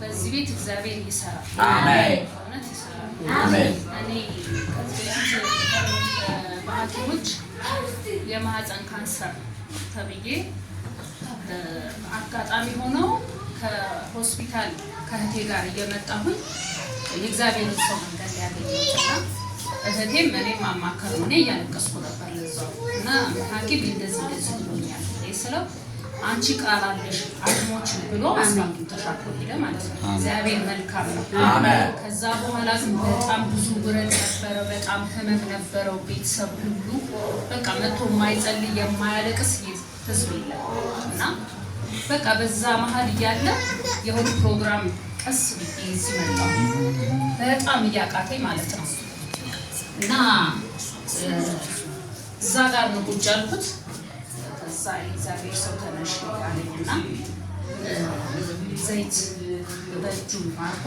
በዚህ ቤት እግዚአብሔር ይሰራል። እውነት የማህፀን ካንሰር ተብዬ አጋጣሚ ሆነው ከሆስፒታል ከእህቴ ጋር እየመጣሁኝ የእግዚአብሔር ሰው መንገድ ያገኘችና እህቴም እኔም አማከሩ እኔ እያለቀስኩ ነበር ለዛው እና ሐኪም እንደዚህ እንደዚህ ስለው አንቺ ቃል አለሽ አድሞች ብሎ አስታምቱ ተሻክሮ ሄደ ማለት ነው። እግዚአብሔር መልካም ነው። ከዛ በኋላ ግን በጣም ብዙ ብረት ነበረው በጣም ህመም ነበረው። ቤተሰብ ሁሉ በቃ መቶ የማይጸልይ የማያለቅስ ህዝብ የለም እና በቃ በዛ መሀል እያለ የሆኑ ፕሮግራም ቀስ ብዬ መጣ በጣም እያቃተኝ ማለት ነው እና እዛ ጋር ነው ቁጭ ያልኩት እንደዛ የእግዚአብሔር ሰው ተነሽ ያለኝና ዘይት በእጁ አርጎ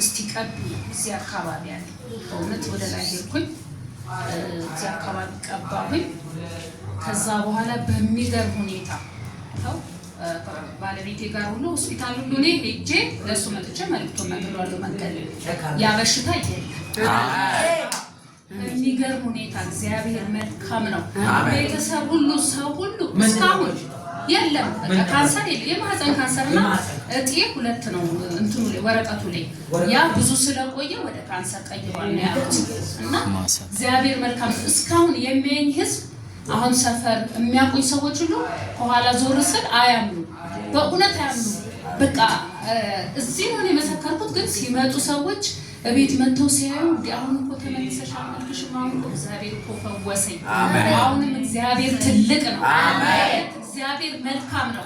እስቲ ቀቢ እዚህ አካባቢ አለ። በእውነት ወደ ላይ ሄድኩኝ፣ እዚህ አካባቢ ቀባሁኝ። ከዛ በኋላ በሚገርም ሁኔታ ባለቤቴ ጋር ሁሉ ሆስፒታል ሁሉ እኔ ሄጄ ለእሱ መጥቼ መልዕክቱን ነግሬዋለሁ። መንገድ ያ በሽታ የለም የሚገርም ሁኔታ እግዚአብሔር መልካም ነው። ቤተሰብ ሁሉ ሰው ሁሉ እስካሁን የለም ካንሰር የለም። የማህፀን ካንሰርና እጤ ሁለት ነው እንትኑ ላይ ወረቀቱ ላይ ያ ብዙ ስለቆየ ወደ ካንሰር ቀይሯል ነው ያሉት። እና እግዚአብሔር መልካም እስካሁን የሚያየኝ ህዝብ አሁን ሰፈር የሚያቆኝ ሰዎች ሁሉ ከኋላ ዞር ስል አያምኑ፣ በእውነት አያምኑ። በቃ እዚህ ነው የመሰከርኩት። ግን ሲመጡ ሰዎች እቤት መጥተው ሲያዩ እንዲ አሁን እኮ ተመልሰሽ አመልክሽ ማሁን እግዚአብሔር እኮ ፈወሰኝ። አሁንም እግዚአብሔር ትልቅ ነው። እግዚአብሔር መልካም ነው።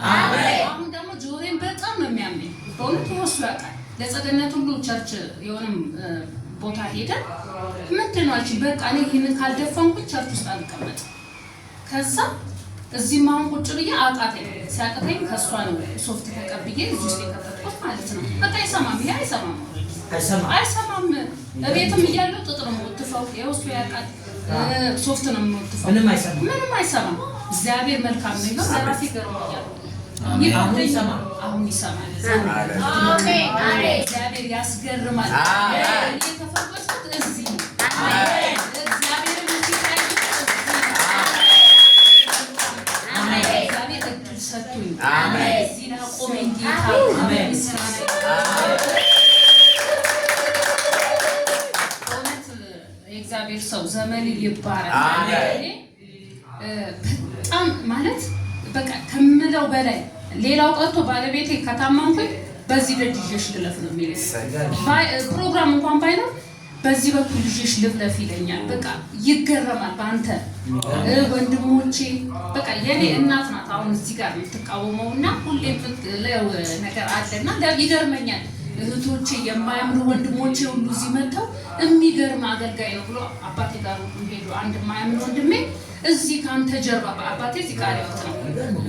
አሁን ደግሞ ጆሬን በጣም ነው የሚያምኝ። በእውነት ወሱ ያውቃል። ለጸገነት ሁሉ ቸርች የሆነም ቦታ ሄደን ምንድን በቃ እኔ ይህንን ካልደፈንኩ ቸርች ውስጥ አልቀመጥም። ከዛ እዚህ ማሁን ቁጭ ብዬ አውቃተኝ ሲያቅተኝ ከእሷ ነው ሶፍት ተቀብዬ እዚህ ውስጥ የከፈትኩት ማለት ነው። በቃ ይሰማም ይሄ አይሰማም አይሰማም። እቤትም እያለው ጥጥ ነው የምወትፈው፣ የውስጡ ያውቃል። ሶፍት ነው የምወትፈው፣ ምንም አይሰማም። እግዚአብሔር መልካም ነው። ራሴ ገርሞኛል። አሁን ይሰማል። እግዚአብሔር ያስገርማል። የተፈወስኩት እዚህ እግዚአብሔር እድል እዚህ ቆሜ ጌታ የእግዚአብሔር ሰው ዘመን ይባረክ። በጣም ማለት በቃ ከምለው በላይ ሌላው ቀርቶ ባለቤቴ ከታመምኩኝ በዚህ ደጅ ይዤሽ ልለፍ ነው የሚለኝ። ፕሮግራም እንኳን ባይነው በዚህ በኩል ይዤሽ ልለፍ ይለኛል። በቃ ይገረማል በአንተ ወንድሞቼ። በቃ የኔ እናት ናት አሁን እዚህ ጋር የምትቃወመው እና ሁሌ ነገር እና ይገርመኛል። እህቶቼ የማያምኑ ወንድሞቼ ሁሉ እዚህ መጥተው የሚገርም አገልጋይ ነው ብሎ አባቴ ጋር ሁሉ ሄዱ። አንድ የማያምን ወንድሜ እዚህ ከአንተ ጀርባ በአባቴ እዚህ ቃል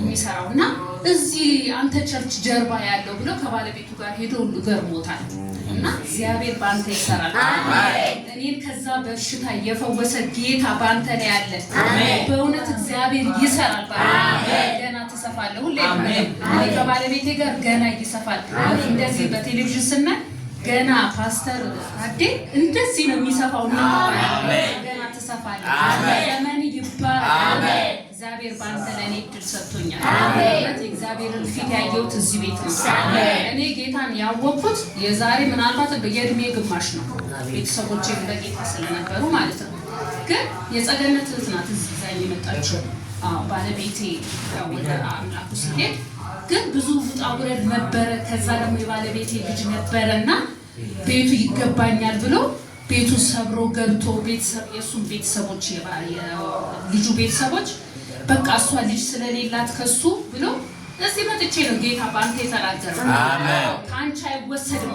የሚሰራው እና እዚህ አንተ ቸርች ጀርባ ያለው ብሎ ከባለቤቱ ጋር ሄዶ ሁሉ ገርሞታል። እና እግዚአብሔር በአንተ ይሰራል። እኔን ከዛ በሽታ የፈወሰ ጌታ በአንተ ላይ ያለ በእውነት እግዚአብሔር ይሰራል። ገና ትሰፋለሁ። ከባለቤቴ ጋር ገና ይሰፋል። እንደዚህ በቴሌቪዥን ስናይ ገና ፓስተር አዴ እንደዚህ ነው የሚሰፋው። ገና ትሰፋለህ ይባል። እግዚአብሔር በአንተ ላይ እኔ እድል ሰጥቶኛል። የእግዚአብሔርን ፊት ያየሁት እዚህ ቤት ነው። እኔ ጌታን ያወቅኩት የዛሬ ምናልባት የእድሜ ግማሽ ነው። ቤተሰቦቼ በጌታ ስለነበሩ ማለት ነው። ግን የጸገነት እህት ናት እዚህ ዛ የመጣችው ባለቤቴ ወደ አምላኩ ሲሄድ ግን ብዙ ውጣ ውረድ ነበረ። ከዛ ደግሞ የባለቤቴ ልጅ ነበረና ቤቱ ይገባኛል ብሎ ቤቱ ሰብሮ ገብቶ የእሱን ቤተሰቦች ልጁ ቤተሰቦች በቃ እሷ ልጅ ስለሌላት ከሱ ብሎ እዚህ መጥቼ ነው ጌታ በአንተ የተናገረው ከአንቺ አይወሰድም